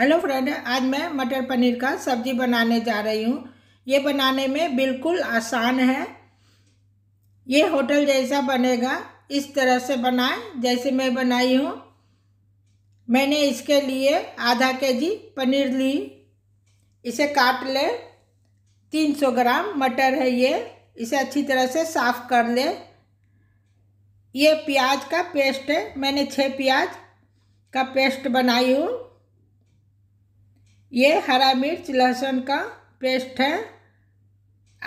hello friend आज मैं मटर पनीर का सब्ज़ी बनाने जा रही हूँ ये बनाने में बिल्कुल आसान है ये होटल जैसा बनेगा इस तरह से बनाएं जैसे मैं बनाई हूँ मैंने इसके लिए आधा के जी पनीर ली इसे काट ले 300 ग्राम मटर है ये इसे अच्छी तरह से साफ़ कर ले ये प्याज का पेस्ट है मैंने छः प्याज का पेस्ट बनाई हूँ ये हरा मिर्च लहसुन का पेस्ट है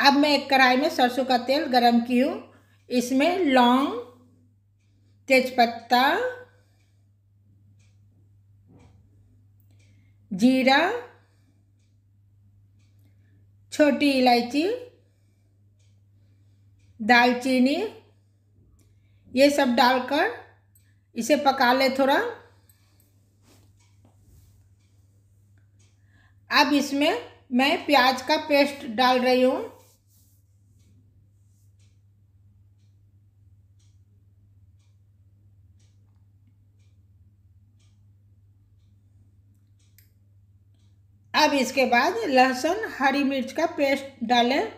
अब मैं एक कढ़ाई में सरसों का तेल गरम की हूँ इसमें लौंग तेजपत्ता जीरा छोटी इलायची दालचीनी ये सब डालकर इसे पका ले थोड़ा अब इसमें मैं प्याज का पेस्ट डाल रही हूँ अब इसके बाद लहसुन हरी मिर्च का पेस्ट डालें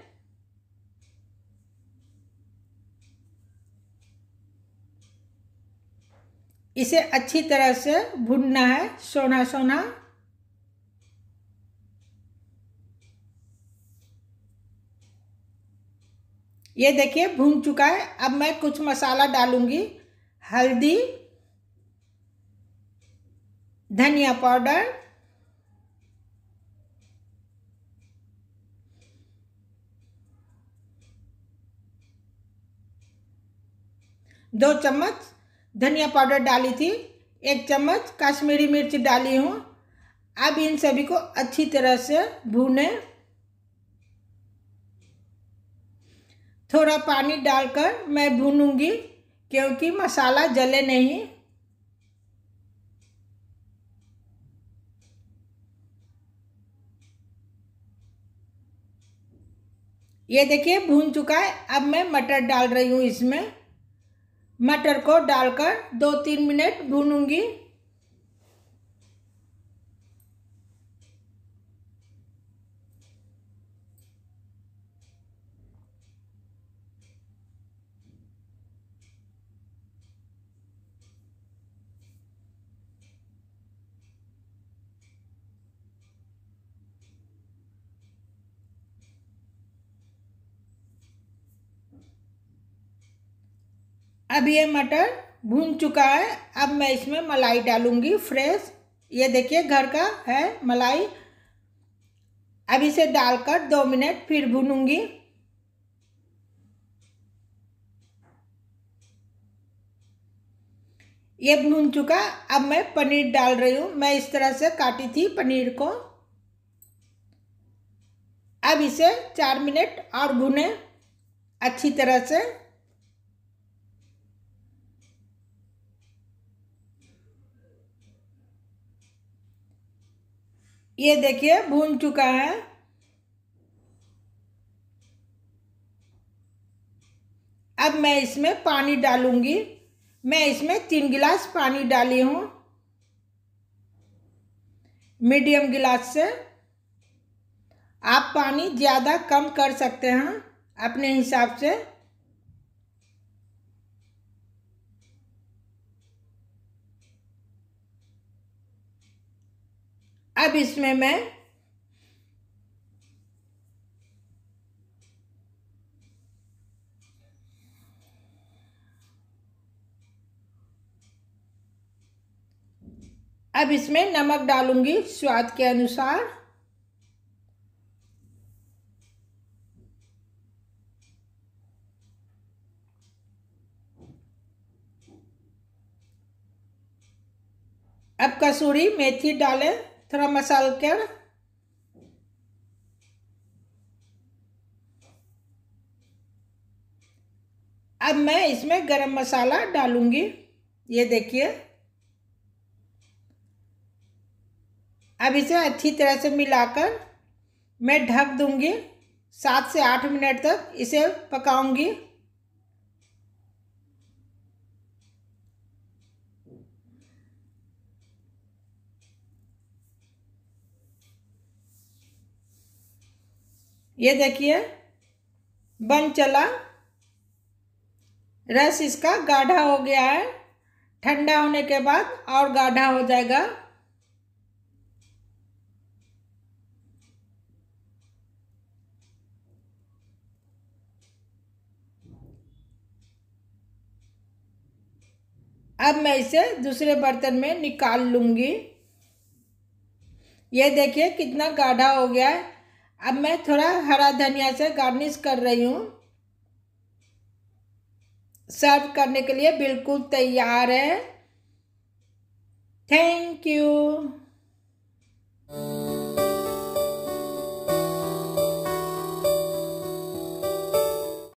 इसे अच्छी तरह से भुनना है सोना सोना ये देखिए भून चुका है अब मैं कुछ मसाला डालूंगी हल्दी धनिया पाउडर दो चम्मच धनिया पाउडर डाली थी एक चम्मच कश्मीरी मिर्च डाली हूँ अब इन सभी को अच्छी तरह से भूनें थोड़ा पानी डालकर मैं भूनूंगी क्योंकि मसाला जले नहीं ये देखिए भून चुका है अब मैं मटर डाल रही हूँ इसमें मटर को डालकर दो तीन मिनट भूनूंगी अब ये मटर भून चुका है अब मैं इसमें मलाई डालूँगी फ्रेश ये देखिए घर का है मलाई अब इसे डालकर दो मिनट फिर भूनूंगी ये भून चुका अब मैं पनीर डाल रही हूँ मैं इस तरह से काटी थी पनीर को अब इसे चार मिनट और भुने अच्छी तरह से ये देखिए भून चुका है अब मैं इसमें पानी डालूंगी मैं इसमें तीन गिलास पानी डाली हूँ मीडियम गिलास से आप पानी ज़्यादा कम कर सकते हैं अपने हिसाब से अब इसमें मैं अब इसमें नमक डालूंगी स्वाद के अनुसार अब कसूरी मेथी डालें थोड़ा मसाल कर अब मैं इसमें गरम मसाला डालूंगी ये देखिए अब इसे अच्छी तरह से मिलाकर मैं ढक दूंगी सात से आठ मिनट तक इसे पकाऊंगी ये देखिए बन चला रस इसका गाढ़ा हो गया है ठंडा होने के बाद और गाढ़ा हो जाएगा अब मैं इसे दूसरे बर्तन में निकाल लूँगी ये देखिए कितना गाढ़ा हो गया है अब मैं थोड़ा हरा धनिया से गार्निश कर रही हूँ सर्व करने के लिए बिल्कुल तैयार है थैंक यू